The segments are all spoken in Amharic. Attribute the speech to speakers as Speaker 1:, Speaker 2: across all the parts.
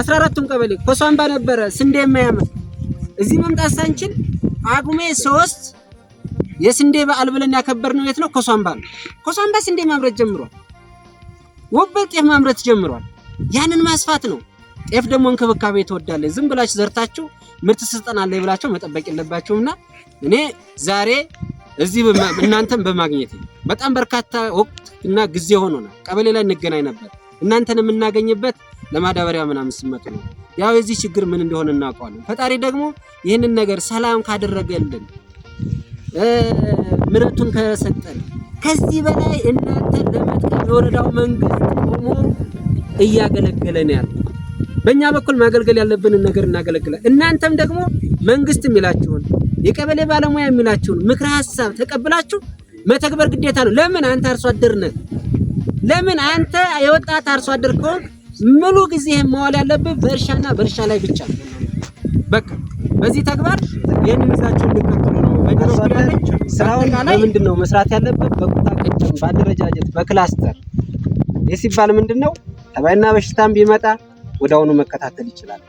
Speaker 1: አስራ አራቱም ቀበሌ ኮሷምባ ነበረ ስንዴ የማያምር እዚህ መምጣት ሳንችል ጳጉሜ ሶስት የስንዴ በዓል ብለን ያከበርነው የት ነው? ኮሷምባ ነው። ኮሷምባ ስንዴ ማምረት ጀምሯል። ወበር ጤፍ ማምረት ጀምሯል። ያንን ማስፋት ነው። ጤፍ ደግሞ እንክብካቤ ትወዳለ። ዝም ብላችሁ ዘርታችሁ ምርት ስልጠናለ ብላችሁ መጠበቅ የለባችሁምና እኔ ዛሬ እዚህ እናንተን በማግኘት በጣም በርካታ ወቅት እና ጊዜ ሆኖናል። ቀበሌ ላይ እንገናኝ ነበር እናንተን የምናገኝበት ለማዳበሪያ ምናምን ስመጡ ነው። ያው የዚህ ችግር ምን እንደሆነ እናውቀዋለን። ፈጣሪ ደግሞ ይህንን ነገር ሰላም ካደረገልን ምረቱን ከሰጠን ከዚህ በላይ እናንተ ለመጥቀም የወረዳው መንግስት ቆሞ እያገለገለን ያለ። በእኛ በኩል ማገልገል ያለብንን ነገር እናገለግላል። እናንተም ደግሞ መንግስት የሚላችሁን የቀበሌ ባለሙያ የሚላችሁን ምክረ ሀሳብ ተቀብላችሁ መተግበር ግዴታ ነው። ለምን አንተ አርሶ አደር ነህ። ለምን አንተ የወጣት አርሶ አደር ከሆንክ ሙሉ ጊዜ መዋል ያለብህ በእርሻና በእርሻ ላይ ብቻ በቃ በዚህ ተግባር ይህን ይዛችሁ እንድትቀጥሉ ነው። ስራውን በምንድን ነው መስራት ያለብህ? በቁጣ ቀጭን፣ በአደረጃጀት፣ በክላስተር ይህ ሲባል ምንድን ነው? ተባይና በሽታም ቢመጣ ወዳውኑ መከታተል ይችላል።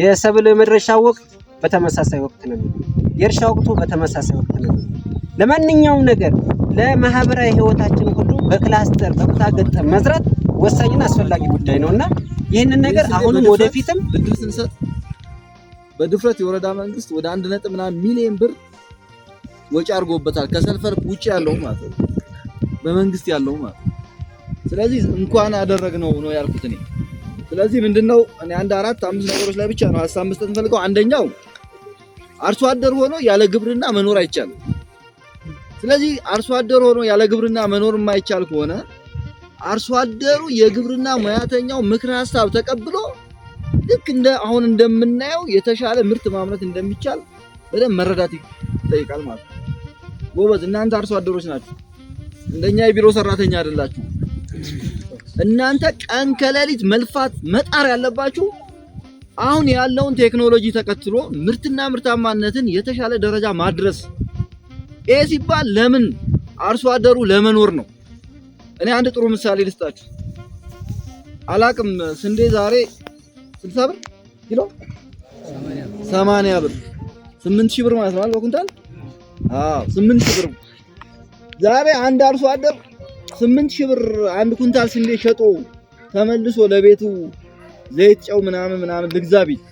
Speaker 1: የሰብል መድረሻ ወቅት በተመሳሳይ ወቅት ነው። የእርሻ ወቅቱ በተመሳሳይ ወቅት ነው። ለማንኛውም ነገር ለማህበራዊ ህይወታችን ሁሉ በክላስተር በቁጣ ገጠም መዝራት ወሳኝና አስፈላጊ ጉዳይ ነውና ይህንን ነገር አሁንም ወደፊትም ብድር ስንሰጥ
Speaker 2: በድፍረት የወረዳ መንግስት ወደ አንድ ነጥብ ምናምን ሚሊዮን ብር ወጪ አድርጎበታል። ከሰልፈር ውጭ ያለው ማለት ነው፣ በመንግስት ያለው ማለት ነው። ስለዚህ እንኳን አደረግነው ነው ያልኩት እኔ። ስለዚህ ምንድነው እኔ አንድ አራት አምስት ነገሮች ላይ ብቻ ነው ሀሳብ አምስት እንፈልገው። አንደኛው አርሶ አደር ሆኖ ያለ ግብርና መኖር አይቻልም። ስለዚህ አርሶ አደር ሆኖ ያለ ግብርና መኖር የማይቻል ከሆነ አርሶ አደሩ የግብርና ሙያተኛው ምክር ሀሳብ ተቀብሎ ልክ እንደ አሁን እንደምናየው የተሻለ ምርት ማምረት እንደሚቻል በደንብ መረዳት ይጠይቃል ማለት ነው። ጎበዝ እናንተ አርሶ አደሮች ናችሁ። እንደኛ የቢሮ ሰራተኛ አይደላችሁ። እናንተ ቀን ከሌሊት መልፋት መጣር ያለባችሁ አሁን ያለውን ቴክኖሎጂ ተከትሎ ምርትና ምርታማነትን የተሻለ ደረጃ ማድረስ። ይህ ሲባል ለምን አርሶ አደሩ ለመኖር ነው። እኔ አንድ ጥሩ ምሳሌ ልስጣችሁ። አላቅም ስንዴ ዛሬ ስልሳ ብር ኪሎ ሰማንያ ብር ስምንት ሺህ ብር ማለት ነው በኩንታል። አዎ ስምንት ሺህ ብር ዛሬ አንድ አርሶ አደር ስምንት ሺህ ብር አንድ ኩንታል ስንዴ ሸጦ ተመልሶ ለቤቱ ዘይት፣ ጨው ምናምን ምናምን ልግዛ ቢል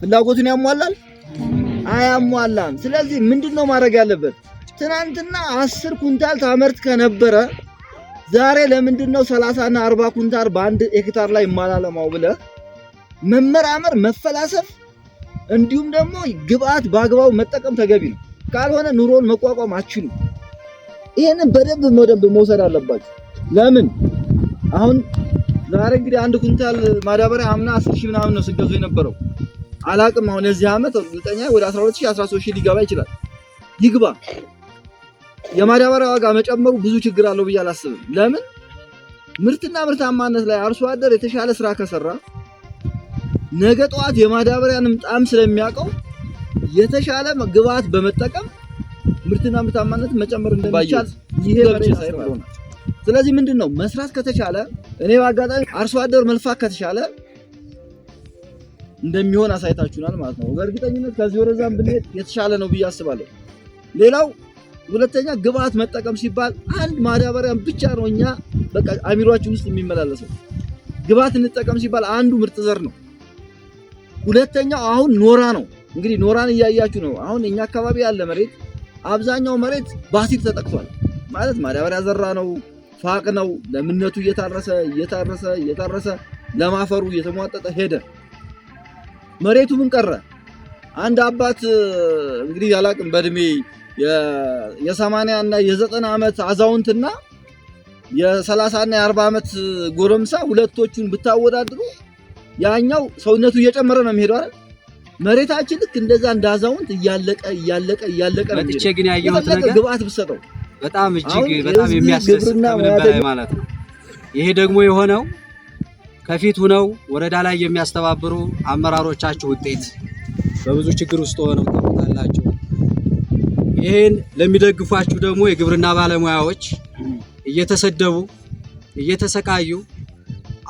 Speaker 2: ፍላጎቱን ያሟላል አያሟላም። ስለዚህ ምንድን ነው ማድረግ ያለበት? ትናንትና አስር ኩንታል ታመርት ከነበረ ዛሬ ለምንድን ነው ና አርባ ኩንታል በአንድ ሄክታር ላይ ማላለማው ብለ መመራመር መፈላሰፍ፣ እንዲሁም ደግሞ ግብአት በአግባቡ መጠቀም ተገቢ ነው። ካልሆነ ኑሮን መቋቋም አችሉ። ይህንን በደንብ በደንብ መውሰድ አለባቸው። ለምን አሁን ዛሬ እንግዲህ አንድ ኩንታል ማዳበሪያ አምና አስር ሺህ ምናምን ነው ስገዙ የነበረው አላቅም። አሁን የዚህ ዓመት ዘጠኛ ወደ 12 13 ሺህ ሊገባ ይችላል። ይግባ የማዳበሪያ ዋጋ መጨመሩ ብዙ ችግር አለው ብዬ አላስብም። ለምን ምርትና ምርታማነት ላይ አርሶ አደር የተሻለ ስራ ከሰራ ነገ ጠዋት የማዳበሪያንም ጣም ስለሚያውቀው የተሻለ ግብዓት በመጠቀም ምርትና ምርታማነት መጨመር እንደሚቻል ይሄ ስለዚህ ምንድን ነው መስራት ከተቻለ እኔ በአጋጣሚ አርሶ አደር መልፋት ከተቻለ እንደሚሆን አሳይታችሁናል ማለት ነው። በእርግጠኝነት ከዚህ ወደዛም ብንሄድ የተሻለ ነው ብዬ አስባለሁ። ሌላው ሁለተኛ ግብአት መጠቀም ሲባል አንድ ማዳበሪያን ብቻ ነው እኛ በቃ አሚሯችን ውስጥ የሚመላለሰው። ግብአት እንጠቀም ሲባል አንዱ ምርጥ ዘር ነው። ሁለተኛው አሁን ኖራ ነው። እንግዲህ ኖራን እያያችሁ ነው። አሁን እኛ አካባቢ ያለ መሬት አብዛኛው መሬት በአሲድ ተጠቅቷል ማለት ማዳበሪያ ዘራ ነው፣ ፋቅ ነው። ለምነቱ እየታረሰ እየታረሰ እየታረሰ ለማፈሩ እየተሟጠጠ ሄደ። መሬቱ ምን ቀረ? አንድ አባት እንግዲህ ያላቅም በእድሜ የሰማንያ እና የዘጠና ዓመት አዛውንትና የሰላሳ እና የአርባ ዓመት ጎረምሳ ሁለቶቹን ብታወዳድሩ ያኛው ሰውነቱ እየጨመረ ነው የሚሄደው አይደል? መሬታችን ልክ እንደዛ እንደ አዛውንት እያለቀ እያለቀ እያለቀ ነው። መጥቼ ግን ያየሁት ነገር ግብአት ብሰጠው በጣም እጅግ በጣም የሚያስደስት ማለት ነው። ይሄ ደግሞ የሆነው ከፊት ሁነው ወረዳ ላይ የሚያስተባብሩ አመራሮቻችሁ ውጤት በብዙ ችግር ውስጥ ሆነው ታላቸው ይሄን ለሚደግፏችሁ ደግሞ የግብርና ባለሙያዎች እየተሰደቡ እየተሰቃዩ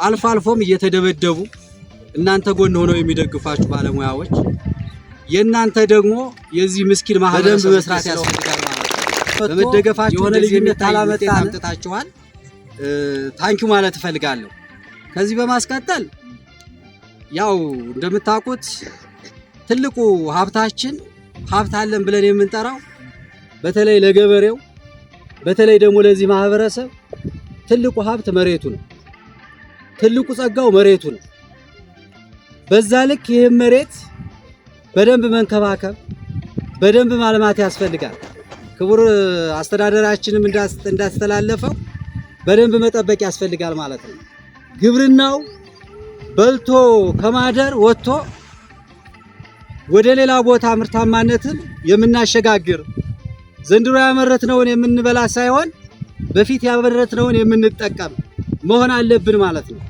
Speaker 2: አልፎ አልፎም እየተደበደቡ እናንተ ጎን ሆነው የሚደግፏችሁ ባለሙያዎች የእናንተ ደግሞ የዚህ ምስኪን ማህበረሰብ መስራት ያስፈልጋል ማለት በመደገፋችሁ የሆነ ልዩነት አላመጣ አምጥታችኋል። ታንኪ ማለት እፈልጋለሁ። ከዚህ በማስቀጠል ያው እንደምታውቁት ትልቁ ሀብታችን ሀብት አለን ብለን የምንጠራው በተለይ ለገበሬው በተለይ ደግሞ ለዚህ ማህበረሰብ ትልቁ ሀብት መሬቱ ነው። ትልቁ ጸጋው መሬቱ ነው። በዛ ልክ ይህም መሬት በደንብ መንከባከብ በደንብ ማልማት ያስፈልጋል። ክቡር አስተዳደራችንም እንዳስተላለፈው በደንብ መጠበቅ ያስፈልጋል ማለት ነው። ግብርናው በልቶ ከማደር ወጥቶ ወደ ሌላ ቦታ ምርታማነትን የምናሸጋግር ዘንድሮ ያመረትነውን የምንበላ ሳይሆን በፊት ያመረትነውን የምንጠቀም መሆን አለብን ማለት ነው።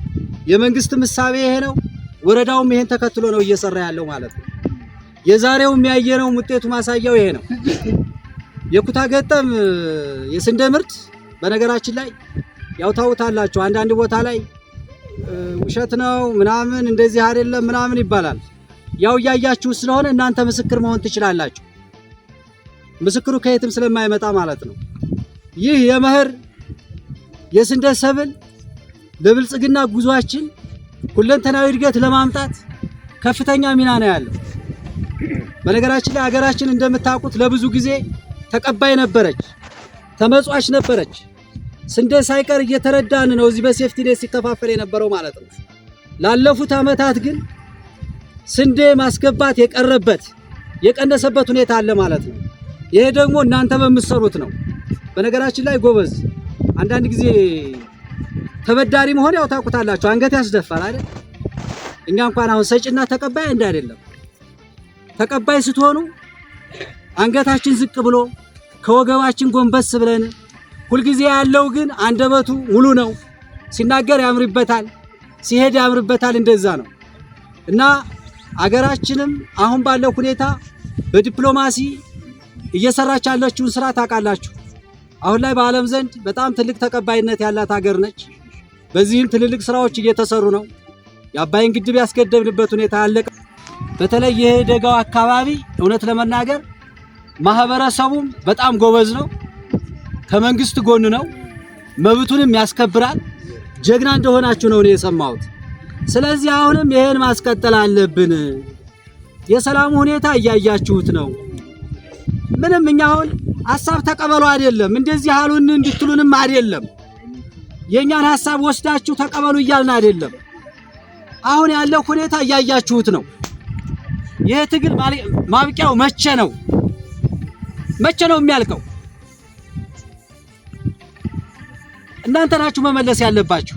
Speaker 2: የመንግስት ምሳቤ ይሄ ነው። ወረዳውም ይሄን ተከትሎ ነው እየሰራ ያለው ማለት ነው። የዛሬው ያየነው ውጤቱ ማሳያው ይሄ ነው። የኩታ ገጠም የስንዴ ምርት በነገራችን ላይ ያው ታውታላችሁ፣ አንዳንድ ቦታ ላይ ውሸት ነው ምናምን እንደዚህ አይደለም ምናምን ይባላል። ያው እያያችሁ ስለሆነ እናንተ ምስክር መሆን ትችላላችሁ። ምስክሩ ከየትም ስለማይመጣ ማለት ነው። ይህ የመኸር የስንዴ ሰብል ለብልጽግና ጉዟችን ሁለንተናዊ እድገት ለማምጣት ከፍተኛ ሚና ነው ያለው። በነገራችን ላይ ሀገራችን እንደምታውቁት ለብዙ ጊዜ ተቀባይ ነበረች፣ ተመጽዋች ነበረች። ስንዴ ሳይቀር እየተረዳን ነው፣ እዚህ በሴፍቲኔት ሲከፋፈል የነበረው ማለት ነው። ላለፉት ዓመታት ግን ስንዴ ማስገባት የቀረበት የቀነሰበት ሁኔታ አለ ማለት ነው። ይሄ ደግሞ እናንተ በምትሰሩት ነው። በነገራችን ላይ ጎበዝ፣ አንዳንድ ጊዜ ተበዳሪ መሆን ያው ታውቁታላችሁ፣ አንገት ያስደፋል አይደል? እኛ እንኳን አሁን ሰጪና ተቀባይ አንድ አይደለም። ተቀባይ ስትሆኑ አንገታችን ዝቅ ብሎ ከወገባችን ጎንበስ ብለን፣ ሁልጊዜ ያለው ግን አንደበቱ ሙሉ ነው። ሲናገር ያምርበታል፣ ሲሄድ ያምርበታል። እንደዛ ነው እና አገራችንም አሁን ባለው ሁኔታ በዲፕሎማሲ እየሰራች ያለችውን ስራ ታውቃላችሁ። አሁን ላይ በዓለም ዘንድ በጣም ትልቅ ተቀባይነት ያላት ሀገር ነች። በዚህም ትልልቅ ስራዎች እየተሰሩ ነው። የአባይን ግድብ ያስገደብንበት ሁኔታ ያለቀ፣ በተለይ ይሄ ደጋው አካባቢ እውነት ለመናገር ማህበረሰቡም በጣም ጎበዝ ነው። ከመንግስት ጎን ነው፣ መብቱንም ያስከብራል። ጀግና እንደሆናችሁ ነው እኔ የሰማሁት። ስለዚህ አሁንም ይሄን ማስቀጠል አለብን። የሰላሙ ሁኔታ እያያችሁት ነው። ምንም እኛ አሁን ሀሳብ ተቀበሉ አይደለም፣ እንደዚህ አሉን እንድትሉንም አይደለም፣ የእኛን ሀሳብ ወስዳችሁ ተቀበሉ እያልን አይደለም። አሁን ያለው ሁኔታ እያያችሁት ነው። ይህ ትግል ማብቂያው መቼ ነው? መቼ ነው የሚያልቀው? እናንተ ናችሁ መመለስ ያለባችሁ።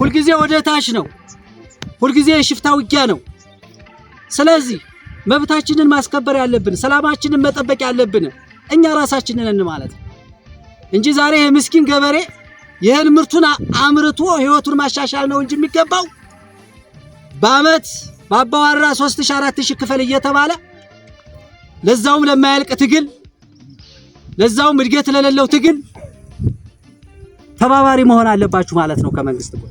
Speaker 2: ሁልጊዜ ወደ ታች ነው። ሁልጊዜ የሽፍታ ውጊያ ነው። ስለዚህ መብታችንን ማስከበር ያለብን፣ ሰላማችንን መጠበቅ ያለብን እኛ ራሳችንን ማለት እንጂ ዛሬ የምስኪን ገበሬ ይህን ምርቱን አምርቶ ህይወቱን ማሻሻል ነው እንጂ የሚገባው በአመት በአባዋራ 3000 4000 ክፈል እየተባለ ለዛውም ለማያልቅ ትግል ለዛውም እድገት ለሌለው ትግል ተባባሪ መሆን አለባችሁ ማለት ነው። ከመንግስት ጎን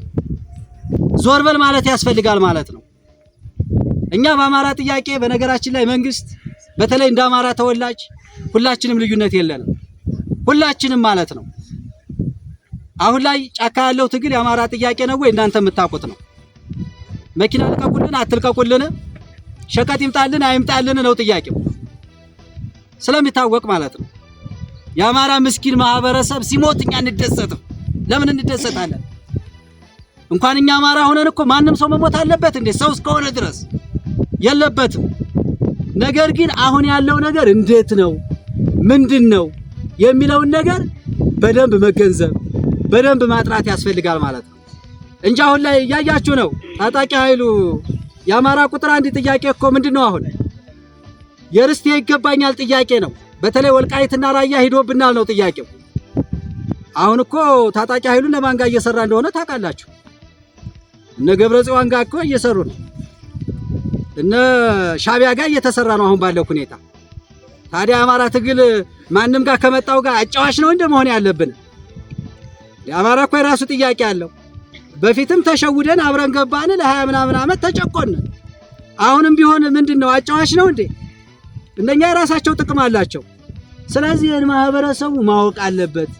Speaker 2: ዞር በል ማለት ያስፈልጋል ማለት ነው። እኛ በአማራ ጥያቄ በነገራችን ላይ መንግስት በተለይ እንደ አማራ ተወላጅ ሁላችንም ልዩነት የለንም። ሁላችንም ማለት ነው። አሁን ላይ ጫካ ያለው ትግል የአማራ ጥያቄ ነው ወይ? እናንተ የምታውቁት ነው። መኪና ልቀቁልን፣ አትልቀቁልን፣ ሸቀጥ ይምጣልን፣ አይምጣልን ነው ጥያቄው ስለሚታወቅ ማለት ነው። የአማራ ምስኪን ማህበረሰብ ሲሞት እኛ እንደሰትም። ለምን እንደሰታለን? እንኳን እኛ አማራ ሆነን እኮ ማንም ሰው መሞት አለበት እንዴ? ሰው እስከሆነ ድረስ የለበትም። ነገር ግን አሁን ያለው ነገር እንዴት ነው ምንድን ነው የሚለውን ነገር በደንብ መገንዘብ በደንብ ማጥራት ያስፈልጋል ማለት ነው እንጂ አሁን ላይ እያያችሁ ነው። ታጣቂ ኃይሉ የአማራ ቁጥር አንድ ጥያቄ እኮ ምንድን ነው? አሁን የርስቴ ይገባኛል ጥያቄ ነው። በተለይ ወልቃይትና ራያ ሂዶብናል ነው ጥያቄው። አሁን እኮ ታጣቂ ኃይሉን ለማን ጋር እየሰራ እንደሆነ ታውቃላችሁ። እነ ገብረ ጽዮን ጋር እኮ እየሰሩ ነው። እነ ሻቢያ ጋር እየተሰራ ነው አሁን ባለው ሁኔታ። ታዲያ አማራ ትግል ማንም ጋር ከመጣው ጋር አጫዋች ነው እንደ መሆን ያለብን። የአማራ እኮ የራሱ ጥያቄ አለው። በፊትም ተሸውደን አብረን ገባን፣ ለሀያ ምናምን ዓመት ተጨቆን። አሁንም ቢሆን ምንድን ነው አጫዋች ነው እንዴ? እነኛ የራሳቸው ጥቅም አላቸው። ስለዚህ ማህበረሰቡ ማወቅ አለበት።